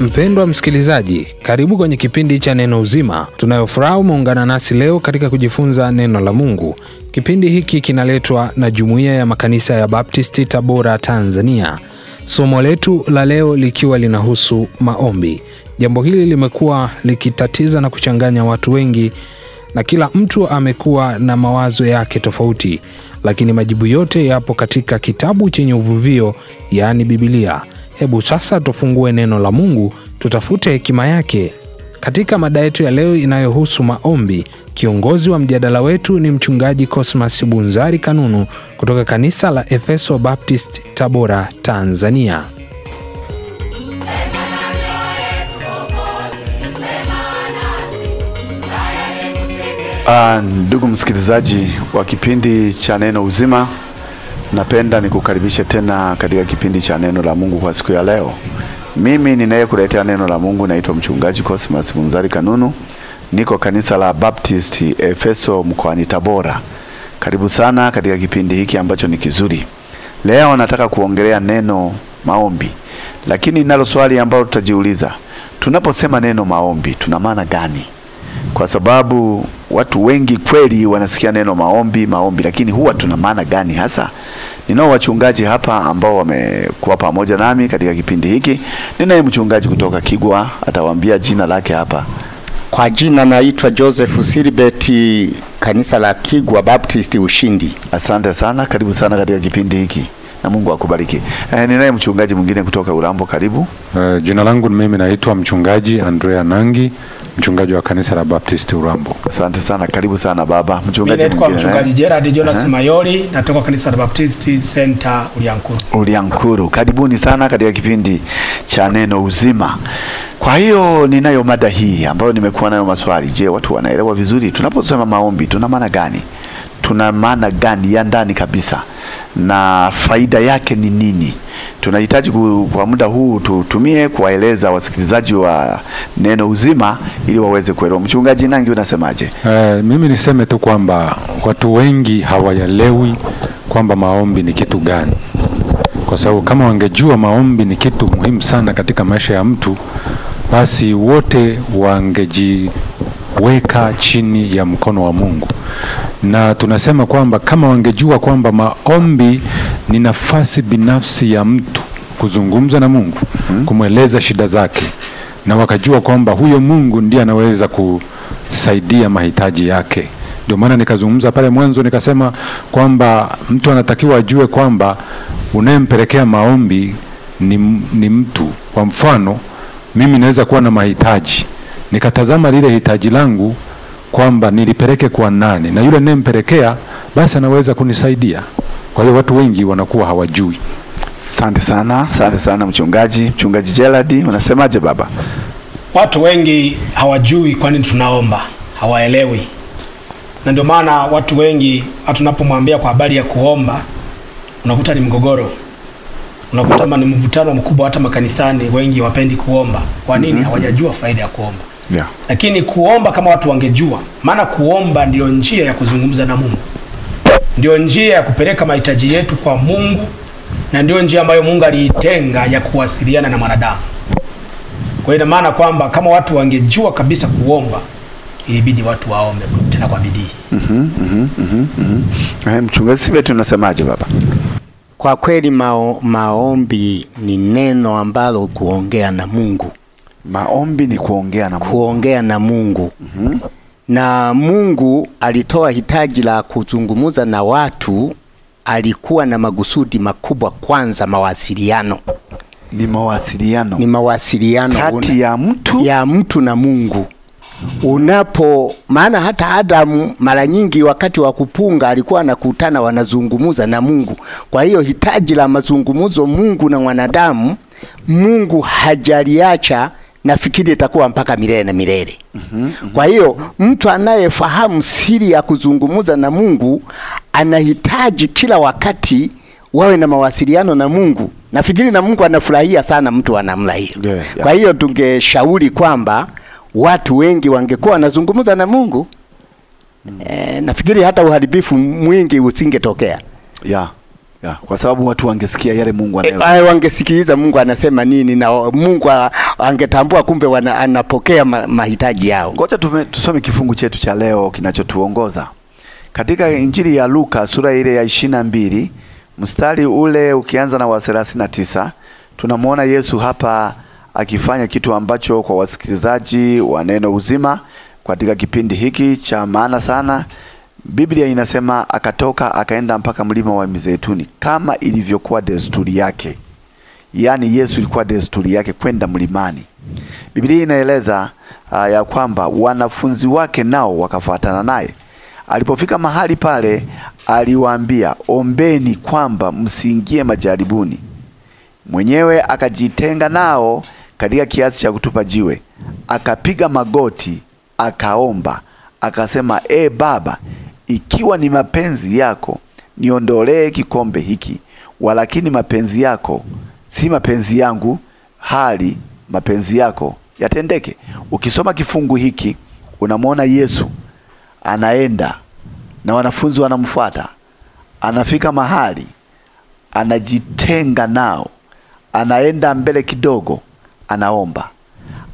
Mpendwa msikilizaji, karibu kwenye kipindi cha Neno Uzima. Tunayofuraha umeungana nasi leo katika kujifunza neno la Mungu. Kipindi hiki kinaletwa na Jumuiya ya Makanisa ya Baptisti Tabora, Tanzania. Somo letu la leo likiwa linahusu maombi. Jambo hili limekuwa likitatiza na kuchanganya watu wengi na kila mtu amekuwa na mawazo yake tofauti, lakini majibu yote yapo katika kitabu chenye uvuvio, yaani Bibilia. Hebu sasa tufungue neno la Mungu, tutafute hekima yake katika mada yetu ya leo inayohusu maombi. Kiongozi wa mjadala wetu ni Mchungaji Cosmas Bunzari Kanunu kutoka kanisa la Efeso Baptist, Tabora, Tanzania. Ah, ndugu msikilizaji wa kipindi cha Neno Uzima Napenda nikukaribishe tena katika kipindi cha neno la Mungu kwa siku ya leo. Mimi ninayekuletea neno la Mungu naitwa mchungaji Cosmas Munzari Kanunu, niko kanisa la Baptist Efeso mkoani Tabora. Karibu sana katika kipindi hiki ambacho ni kizuri. Leo nataka kuongelea neno maombi, lakini nalo swali ambalo tutajiuliza, tunaposema neno maombi tuna maana gani? Kwa sababu watu wengi kweli wanasikia neno maombi maombi, lakini huwa tuna maana gani hasa? Ninao wachungaji hapa ambao wamekuwa pamoja nami katika kipindi hiki. Ninaye mchungaji kutoka Kigwa, atawaambia jina lake hapa. Kwa jina naitwa Joseph Silibeti, kanisa la Kigwa Baptist Ushindi. Asante sana, karibu sana katika kipindi hiki na Mungu akubariki. Eh, ninaye mchungaji mwingine kutoka Urambo, karibu. Uh, jina langu mimi naitwa mchungaji Andrea Nangi mchungaji wa kanisa la Baptist Urambo. Asante sana, karibu sana baba mchungaji. Mimi ni mchungaji eh? Gerard Jonas uh -huh. Eh? Mayori natoka kanisa la Baptist Center Uliankuru. Uliankuru, karibuni sana katika kipindi cha neno uzima. Kwa hiyo ninayo mada hii ambayo nimekuwa nayo maswali. Je, watu wanaelewa vizuri tunaposema maombi tuna maana gani? Tuna maana gani ya ndani kabisa na faida yake ni nini? tunahitaji kwa muda huu tutumie kuwaeleza wasikilizaji wa Neno Uzima ili waweze kuelewa. Mchungaji Nangi, unasemaje? Uh, mimi niseme tu kwamba watu wengi hawaelewi kwamba maombi ni kitu gani, kwa sababu kama wangejua maombi ni kitu muhimu sana katika maisha ya mtu, basi wote wangeji weka chini ya mkono wa Mungu. Na tunasema kwamba kama wangejua kwamba maombi ni nafasi binafsi ya mtu kuzungumza na Mungu, hmm? kumweleza shida zake, na wakajua kwamba huyo Mungu ndiye anaweza kusaidia mahitaji yake. Ndio maana nikazungumza pale mwanzo nikasema kwamba mtu anatakiwa ajue kwamba unayempelekea maombi ni, ni mtu. Kwa mfano, mimi naweza kuwa na mahitaji nikatazama lile hitaji langu kwamba nilipeleke kwa nani, na yule ninayempelekea basi anaweza kunisaidia. Kwa hiyo watu wengi wanakuwa hawajui. Asante sana, asante sana mchungaji. Mchungaji Gerald, unasemaje baba? Watu wengi hawajui, kwa nini tunaomba hawaelewi, na ndio maana watu wengi tunapomwambia kwa habari ya kuomba unakuta ni mgogoro, unakuta ni mvutano mkubwa. Hata makanisani wengi wapendi kuomba. Kwa nini? mm -hmm. hawajajua faida ya kuomba yeah. Lakini kuomba kama watu wangejua, maana kuomba ndiyo njia ya kuzungumza na Mungu, ndiyo njia ya kupeleka mahitaji yetu kwa Mungu, na ndiyo njia ambayo Mungu aliitenga ya kuwasiliana na mwanadamu. Kwa hiyo ina maana kwamba kama watu wangejua kabisa kuomba, ilibidi watu waombe tena kwa bidii. mm-hmm, mm-hmm, mm-hmm. Mchungaji Sibeti, unasemaje baba? Kwa kweli mao, maombi ni neno ambalo kuongea na Mungu Maombi ni kuongea na Mungu, kuongea na Mungu. Mm -hmm. Na Mungu alitoa hitaji la kuzungumza na watu, alikuwa na magusudi makubwa. Kwanza mawasiliano ni mawasiliano, ni mawasiliano kati ya mtu, ya mtu na Mungu unapo maana hata Adamu mara nyingi wakati wa kupunga alikuwa anakutana, wanazungumuza na Mungu. Kwa hiyo hitaji la mazungumzo Mungu na mwanadamu, Mungu hajaliacha nafikiri itakuwa mpaka milele na milele. mm -hmm, mm -hmm. Kwa hiyo mtu anayefahamu siri ya kuzungumza na Mungu anahitaji kila wakati wawe na mawasiliano na Mungu. Nafikiri na Mungu anafurahia sana mtu wa namna hiyo. Yeah, yeah. Kwa hiyo tungeshauri kwamba watu wengi wangekuwa wanazungumza na Mungu. mm. E, nafikiri hata uharibifu mwingi usingetokea. yeah. Ya, kwa sababu watu wangesikia yale Mungu eh, anayo. E, wangesikiliza Mungu anasema nini na Mungu angetambua kumbe wana, anapokea mahitaji yao. Ngoja tusome kifungu chetu cha leo kinachotuongoza katika Injili ya Luka sura ile ya ishirini na mbili mstari ule ukianza na wa thelathini na tisa tunamwona Yesu hapa akifanya kitu ambacho kwa wasikilizaji wa Neno Uzima katika kipindi hiki cha maana sana, Biblia inasema akatoka akaenda mpaka mlima wa Mizeituni kama ilivyokuwa desturi yake. Yaani Yesu ilikuwa desturi yake kwenda mlimani. Biblia inaeleza uh, ya kwamba wanafunzi wake nao wakafuatana naye. Alipofika mahali pale, aliwaambia ombeni kwamba msiingie majaribuni. Mwenyewe akajitenga nao katika kiasi cha kutupa jiwe, akapiga magoti, akaomba, akasema, e Baba, ikiwa ni mapenzi yako niondolee kikombe hiki, walakini mapenzi yako si mapenzi yangu, hali mapenzi yako yatendeke. Ukisoma kifungu hiki unamwona Yesu anaenda na wanafunzi wanamfuata, anafika mahali anajitenga nao, anaenda mbele kidogo, anaomba,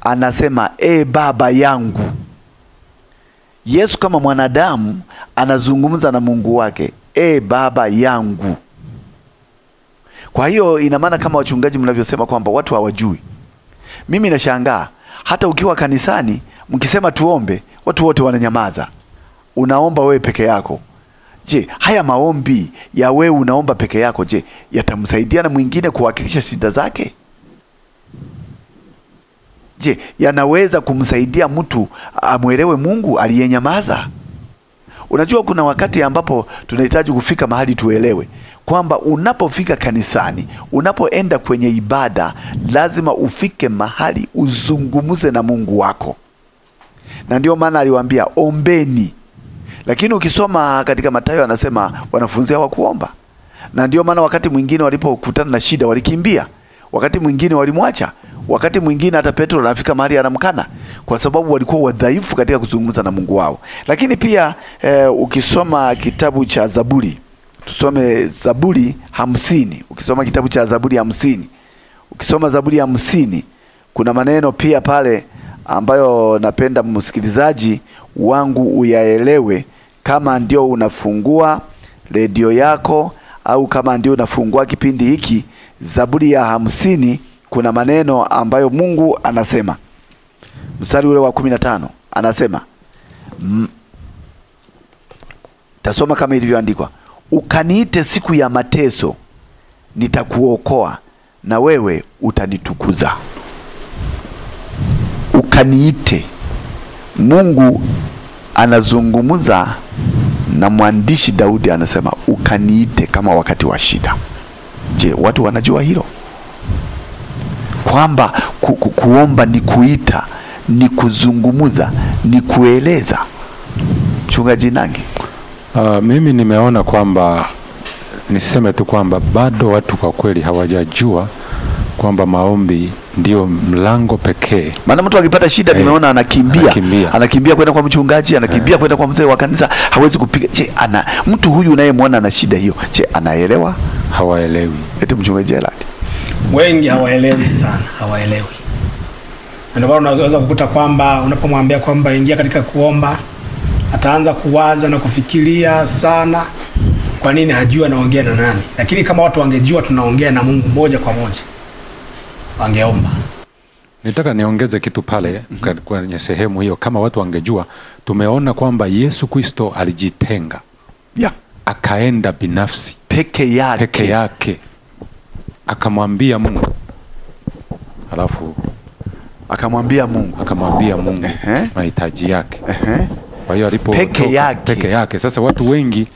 anasema e Baba yangu. Yesu kama mwanadamu anazungumza na Mungu wake, e Baba yangu. Kwa hiyo ina maana kama wachungaji mnavyosema kwamba watu hawajui, mimi nashangaa. Hata ukiwa kanisani mkisema tuombe, watu wote wananyamaza, unaomba wewe peke yako. Je, haya maombi ya wewe unaomba peke yako, je, yatamsaidia na mwingine kuwakilisha shida zake? Je, yanaweza kumsaidia mtu amwelewe Mungu aliyenyamaza? Unajua, kuna wakati ambapo tunahitaji kufika mahali tuelewe kwamba unapofika kanisani, unapoenda kwenye ibada, lazima ufike mahali uzungumuze na Mungu wako, na ndio maana aliwaambia ombeni. Lakini ukisoma katika Mathayo anasema wanafunzi hawakuomba, na ndio maana wakati mwingine walipokutana na shida walikimbia, wakati mwingine walimwacha, wakati mwingine hata Petro anafika mahali anamkana, kwa sababu walikuwa wadhaifu katika kuzungumza na Mungu wao. Lakini pia eh, ukisoma kitabu cha Zaburi tusome Zaburi hamsini. Ukisoma kitabu cha Zaburi hamsini, ukisoma Zaburi hamsini kuna maneno pia pale ambayo napenda msikilizaji wangu uyaelewe, kama ndio unafungua redio yako au kama ndio unafungua kipindi hiki. Zaburi ya hamsini kuna maneno ambayo Mungu anasema, mstari ule wa kumi na tano anasema, tasoma kama ilivyoandikwa ukaniite siku ya mateso, nitakuokoa na wewe utanitukuza. Ukaniite. Mungu anazungumza na mwandishi Daudi, anasema ukaniite kama wakati wa shida. Je, watu wanajua hilo kwamba ku, ku, kuomba ni kuita, ni kuzungumza, ni kueleza? Mchungaji Nangi. Uh, mimi nimeona kwamba niseme tu kwamba bado watu kwa kweli hawajajua kwamba maombi ndio mlango pekee. Maana mtu akipata shida hey, eh, nimeona anakimbia anakimbia, anakimbia kwenda kwa mchungaji anakimbia hey, eh. kwenda kwa mzee wa kanisa, hawezi kupiga. Je, ana mtu huyu unayemwona ana shida hiyo, je, anaelewa? Hawaelewi. Eti mchungaji Gerald, wengi hawaelewi sana, hawaelewi. Ndio maana unaweza kukuta kwamba unapomwambia kwamba ingia katika kuomba ataanza kuwaza na kufikiria sana, kwa nini hajui anaongea na nani. Lakini kama watu wangejua tunaongea na Mungu moja kwa moja, wangeomba. Nitaka niongeze kitu pale kwenye sehemu hiyo. Kama watu wangejua, tumeona kwamba Yesu Kristo alijitenga, yeah. akaenda binafsi peke yake, peke yake akamwambia Mungu, alafu akamwambia Mungu, akamwambia Mungu mahitaji yake. -huh. Kwa hiyo alipo peke yake. peke yake. Sasa watu wengi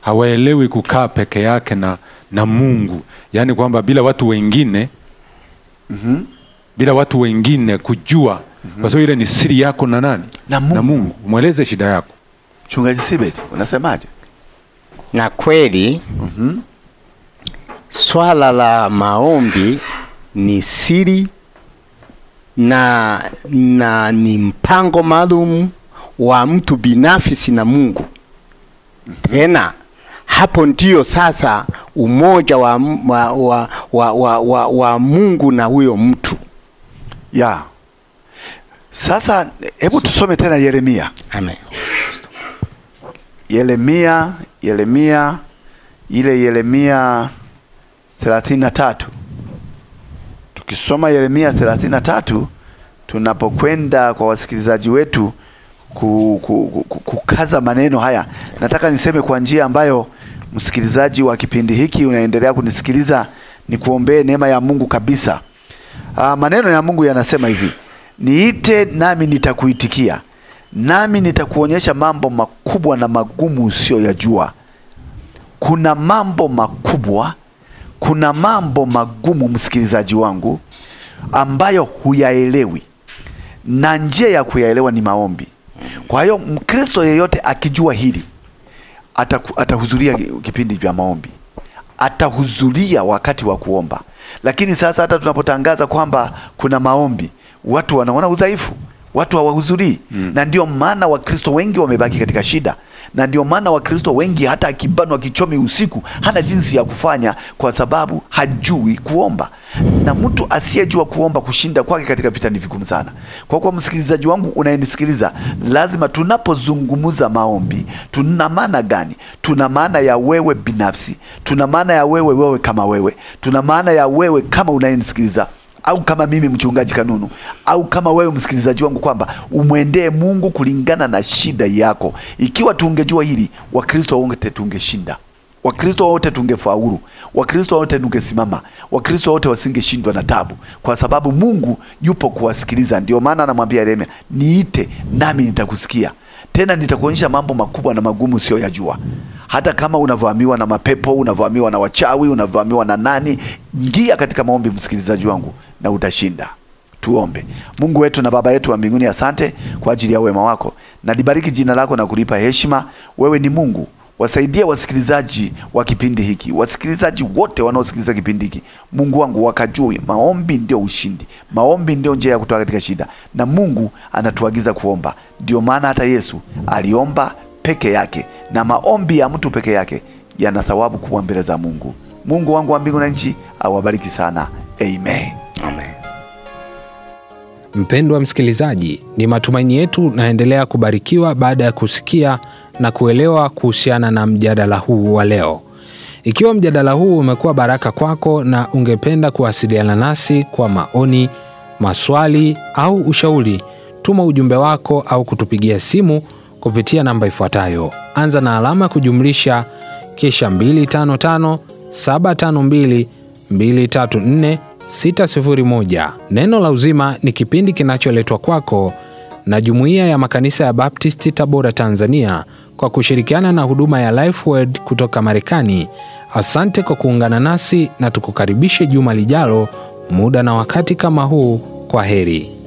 hawaelewi kukaa peke yake na, na Mungu, yaani kwamba bila watu wengine mm -hmm. bila watu wengine kujua mm -hmm. kwa sababu ile ni siri yako na nani na Mungu, na Mungu. Mweleze shida yako. Chungaji Sibet, unasemaje? Na kweli mm -hmm. swala la maombi ni siri na, na ni mpango maalum wa mtu binafsi na Mungu. Tena hapo ndio sasa umoja wa, wa, wa, wa, wa, wa, wa Mungu na huyo mtu ya. Sasa hebu tusome tena Yeremia. Amen. Yeremia, Yeremia ile Yeremia 33. Tukisoma Yeremia 33 tunapokwenda kwa wasikilizaji wetu kukaza maneno haya. Nataka niseme kwa njia ambayo msikilizaji wa kipindi hiki unaendelea kunisikiliza, nikuombee neema ya Mungu kabisa. Aa, ah, maneno ya Mungu yanasema hivi: niite nami nitakuitikia, nami nitakuonyesha mambo makubwa na magumu usiyoyajua. Kuna mambo makubwa, kuna mambo magumu, msikilizaji wangu, ambayo huyaelewi, na njia ya kuyaelewa ni maombi. Kwa hiyo Mkristo yeyote akijua hili atahudhuria kipindi vya maombi, atahudhuria wakati wa kuomba. Lakini sasa hata tunapotangaza kwamba kuna maombi, watu wanaona udhaifu, watu hawahudhurii mm. na ndio maana Wakristo wengi wamebaki katika shida na ndio maana Wakristo wengi hata akibanwa kichomi usiku hana jinsi ya kufanya, kwa sababu hajui kuomba, na mtu asiyejua kuomba kushinda kwake katika vita ni vigumu sana. Kwa kuwa msikilizaji wangu unayenisikiliza, lazima tunapozungumza maombi, tuna maana gani? Tuna maana ya wewe binafsi, tuna maana ya wewe wewe kama wewe, tuna maana ya wewe kama unayenisikiliza au kama mimi mchungaji Kanunu au kama wewe msikilizaji wangu kwamba umwendee Mungu kulingana na shida yako. Ikiwa tungejua hili, Wakristo wote tungeshinda, Wakristo wote tungefaulu, Wakristo wote tungesimama, Wakristo wote wasingeshindwa na tabu, kwa sababu Mungu yupo kuwasikiliza. Ndio maana anamwambia Yeremia, niite nami nitakusikia, tena nitakuonyesha mambo makubwa na magumu sio yajua hata kama unavamiwa na mapepo, unavamiwa na wachawi, unavamiwa na nani, ingia katika maombi, msikilizaji wangu, na utashinda. Tuombe. Mungu wetu na Baba yetu wa mbinguni, asante kwa ajili ya wema wako, nalibariki jina lako na kulipa heshima. Wewe ni Mungu. wasaidia wasikilizaji wa kipindi hiki, wasikilizaji wote wanaosikiliza kipindi hiki, Mungu wangu, wakajue maombi ndio ushindi, maombi ndio njia ya kutoka katika shida, na Mungu anatuagiza kuomba. Ndio maana hata Yesu aliomba peke yake na maombi ya mtu peke yake yana thawabu kubwa mbele za Mungu. Mungu wangu wa mbingu na nchi awabariki sana. Amen. Amen. Mpendwa msikilizaji, ni matumaini yetu naendelea kubarikiwa baada ya kusikia na kuelewa kuhusiana na mjadala huu wa leo. Ikiwa mjadala huu umekuwa baraka kwako na ungependa kuwasiliana nasi kwa maoni, maswali au ushauri, tuma ujumbe wako au kutupigia simu kupitia namba ifuatayo: anza na alama kujumlisha kisha 255 752 234 601. Neno la Uzima ni kipindi kinacholetwa kwako na Jumuiya ya Makanisa ya Baptisti Tabora, Tanzania, kwa kushirikiana na huduma ya Lifeword kutoka Marekani. Asante kwa kuungana nasi na tukukaribishe juma lijalo, muda na wakati kama huu. Kwa heri.